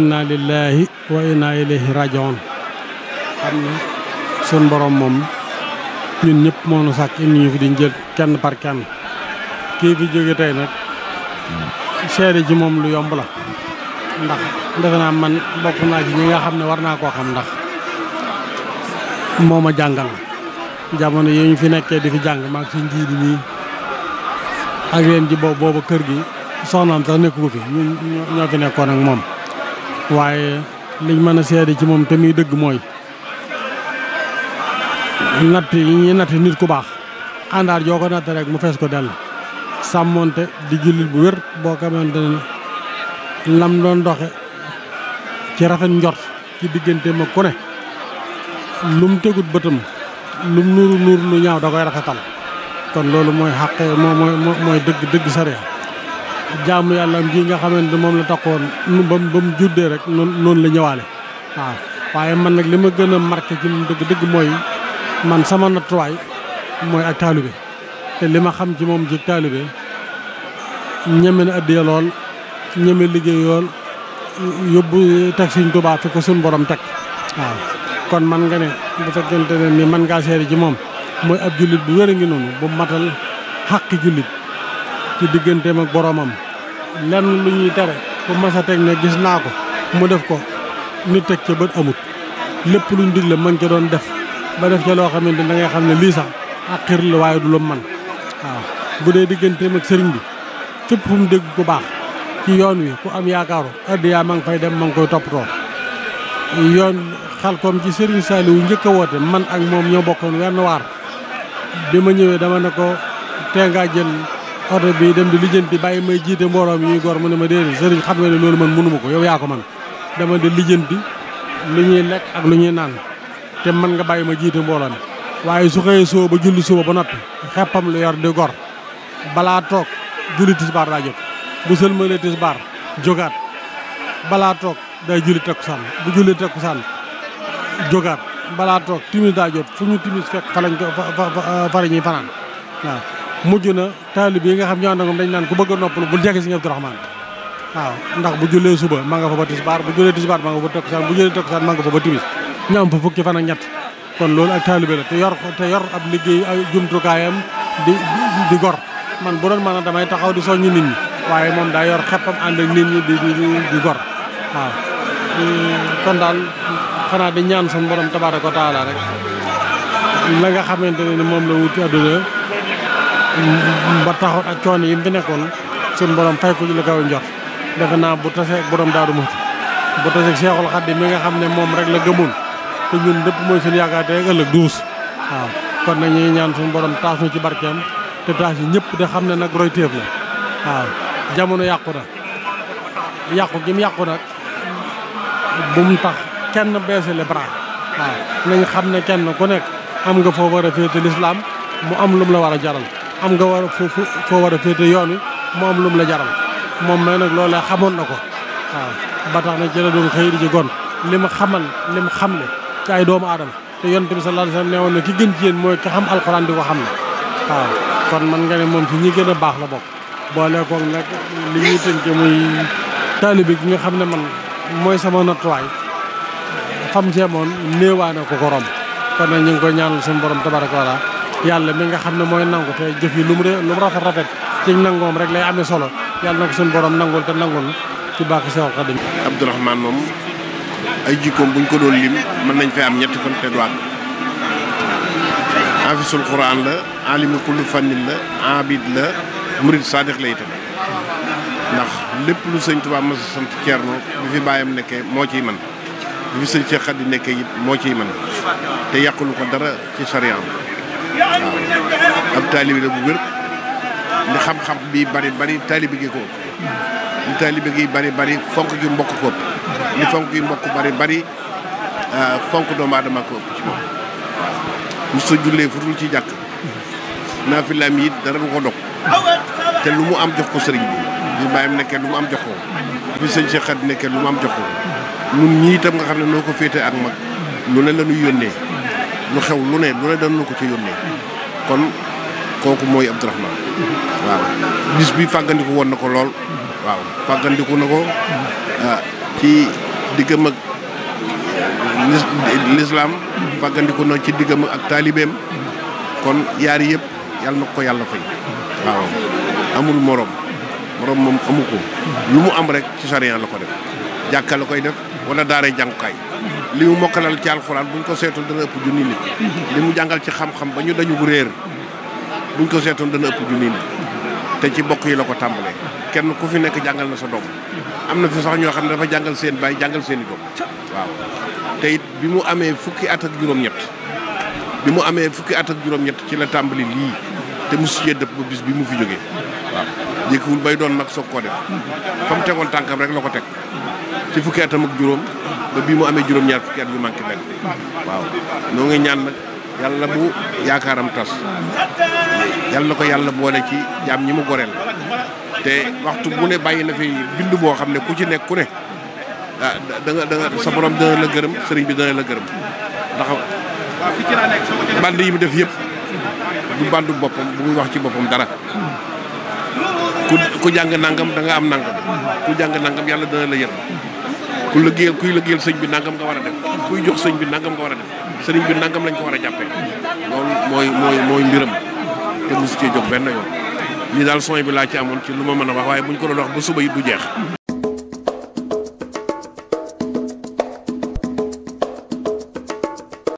inna lillahi wa inna ilaihi rajiun xam sun borom mom ñun ñep mo nu sak indi ñu fi di jël kenn par kenn ki fi joge tay nak xéere ji mom lu yomb la ndax defe man bokku na ci ñi nga xamne war na ko xam ndax moma jangal jamono yi ñu fi nekké di fi jang maag ci jiidi ni ak yeen ji bobu boobu kër gi soxnaam sax nekku fi ñu ñu fi nekkoon ak mom waaye liñ mën a seede ci moom te muy dëgg mooy natt yi ñuy natt nit ku baax àndaar joo ko natt rek mu fees ko dell sàmmoonte di jullit bu wér boo xamante ne lam doon doxe ci rafet njot ci diggante ma ku ne lum tegut bëtam lum nuuru nuur lu ñaaw da koy rafetal kon loolu mooy xàq moo mooy mooy dëgg dëgg sariya jaamu yàlla gi nga xamante moom la taxoon nu ba ba mu juddee rek noonu la ñëwaale waaw waaye man nak lima ma gën a marqué ci moom moi dëgg mooy man sama nattuwaay mooy ak taalibe te lima kam xam ci moom ci taalibe ñeme na addiya lool ñeme liggéey yool yóbbu tak Sëriñ Tuubaa fi ko suñ borom teg waaw kon man nga ne bu fekkente ne ni man ngaa seeri ci moom mooy ab jullit bu wér a ngi bu matal xàqi julit ci digganteem ak boromam lenn lu ñuy tere ku mas a teg ne gis naa ko mu def ko ni teg ce bët amut lépp luñ digle mën ca doon def ba def ca loo xamante da ngay xam ne lii sax ak xir la waaye du lu man waaw bu dee digganteem ak sëriñ bi fépp fu mu dégg ku baax ci yoon wi ku am yaakaaru addiyaa ma ngi fay dem ma ngi koy toppatoo yoon xalkoom ci sëriñ Saliou njëkk woote man ak moom ñoo bokkoon wenn waar bi ma ñëwee dama ne ko tee oto bi dem di lijjanti bàyyi may jiite mbooloo mi ñuy gor mu ne ma déedéet sëriñ xam nga ne loolu man mënuma ko yow yaa ko man dama di bi lu ñuy lekk ak lu ñuy naan te man nga bàyyi ma jiite mbooloo mi waaye su xëyee soo ba julli suba ba noppi xeppam lu yor di gor balaa toog julli tisbaar daa jot bu sëlmalee tisbaar jógaat balaa toog day julli takkusaan bu julli takkusaan jógaat balaa toog timis daa jot fu ñu timis fekk fa lañ ko fa fa fa la ñuy mujj na taalib yi nga xam ñaan ànd dañ nan ku bëgg a noppalu bu ci ñu Abdourahman waaw ndax bu jullé suba ma nga fa ba tisbar bu jullé tisbar ma nga fa tok takkusaan bu jullé tok takkusaan ma nga fa ba timis ñam fa fukki fan ak ñatt kon lool ak talibé la te yor te yor ab liggéey ay jumtukaayam di di gor man bu doon mana damay taxaw di soñu nit ñi waye mom da yor xépam and ak nit ñi di di gor waaw hmm, kon dal xana di ñaan sun borom tabaaraka taala rek la nga xamanteni mom la wuti aduna ba taxoon ak coono yi mu fi nekkoon suñu borom fay ko ci lu kaw njort defe naa bu tasee borom Daaru Muxti bu tasee Seexul Xadiim mi nga xam ne moom rek la gëmoon te ñun lépp mooy suñu yaakaar te ëllëg duus waaw kon nag ñu ñaan suñu borom taas ci barkeem te taas yi ñëpp de xam ne nag roy téef la waaw jamono yàqu na yàqu gi mu yàqu nag bu mu tax kenn baissé les bras waaw nañ xam ne kenn ku nekk am nga foo war a féete l'islam mu am lu mu la war a jaral am nga war a foo foo war a féete yoon wi mu am lum la jaral moom nag nag loolee xamoon na ko waaw ba tax na ci la doon xëy di ci gon li mu xamal li xam xamle ci ay doomu aadama te yonent bi sallallahu alayhi wasallam nee na ki gën ci yéen mooy ki xam alxuraan di ko xam ne waaw kon man nga ne moom ci ñi gën a baax la bokk boole koog nag li ñuy tënke muy taalibe gi nga xam ne man mooy sama nattuwaay fam seemoon néewaa na ko ko romb kon nag ñu ngi koy ñaanal suñu borom tabaraka wa taala yàlla mi nga xamne moy nangou nangu te jëf yi lumu mu lu mu rafet ci nangoom rek lay amé solo yàlla na ko suñu borom nangul te nangul ci baaxi Seex Xaadim Abdourahmane mom ay jikkoom buñ ko doon lim man nañ fee am ñett fan te doig afisul quran la alim kullu fannin la abid la murid sadiq la itam ndax lépp lu seigne touba ma a sant Ceerno bi fi bayam nekkee mo ci man bi seigne cheikh khadi Xaadim yit mo ci man te yàqulu ko dara ci sharia waaw am taalibi la bu wér li xam-xam bi bari bari taalibi gi ko li taalibi gi bari bari fonk gi mbokk ko li fonk gi mbokk bari bari ah, fonk doomu aadama ko ci moom waaw futul ci jàkk naafilaam lamit dara du ko dog te lu mu am jox ko sëriñ bi mu bi bàyyam nekkee lu mu am jox ko bi sëñ Cheikh Khady nekkee lu mu am jox ko ñun ñii itam nga xam ne noo ko féete ak mag lu ne la ñuy yónnee lu xew lu ne lu ne dañ ko ci yónnee kon kooku mooy Abdourahmane waaw bis bi fàggandiku woon na ko lool waaw fàggandiku na ko ah, ci diggam ak lislaam fàggandiku na ci diggam ak taalibeem kon yaar yëpp yàlla na ko yàlla fay waaw amul moroom morom moom amu ko lu mu am rek ci sariya la ko def jàkka koy def wala daare jàngukaay li mu mokkalal ci alxuraan buñ ko seetoon dana ëpp junni nit mm-hmm. li mu jàngal ci xam ba ñu dañu bu réer buñ ko seetoon dana ëpp junni nit te ci bokk yi la ko tàmbalee kenn ku fi nekk jàngal na sa doom am na fi sax ñoo xam ne dafa jàngal seen bay jàngal seen i waaw te it bi mu amee fukki at ak juróom-ñett bi mu amee fukki at ak juróom-ñett ci la tàmbali lii te mu siyee dëpp ba bis bi mu fi jógee waaw jékkiwul bay doon mag soo koo def mm-hmm. fa mu tegoon tànkam rek la ko teg ci fukki atam ak juróom ba bii mu amee juróom-ñaar fukki at yu manqué benn waaw noo ngi ñaan nag yàlla bu yaakaaram tas yàlla na ko yàlla boole ci jaam ñi mu goreel te waxtu bu ne bàyyi na fi bind boo xam ne ku ci nekk ku ne ah da sa borom dana la gërëm sëriñ bi dana la gërëm ndax band yi mu def yëpp du bandu boppam bu muy wax ci boppam dara ku jàng nangam da am nangam ku jàng nangam yàlla dana la yërëm ku liggéeyal kuy liggéeyal sëñ bi nangam nga war a def kuy jox sëñ bi nangam nga war a def sëriñ bi nangam lañ ko war a jàppee loolu mooy mooy mooy mbiram te mosu cee jox benn yoon lii daal son bi laa ci amoon ci lu ma mën a wax waaye buñ ko doon ba suba it du jeex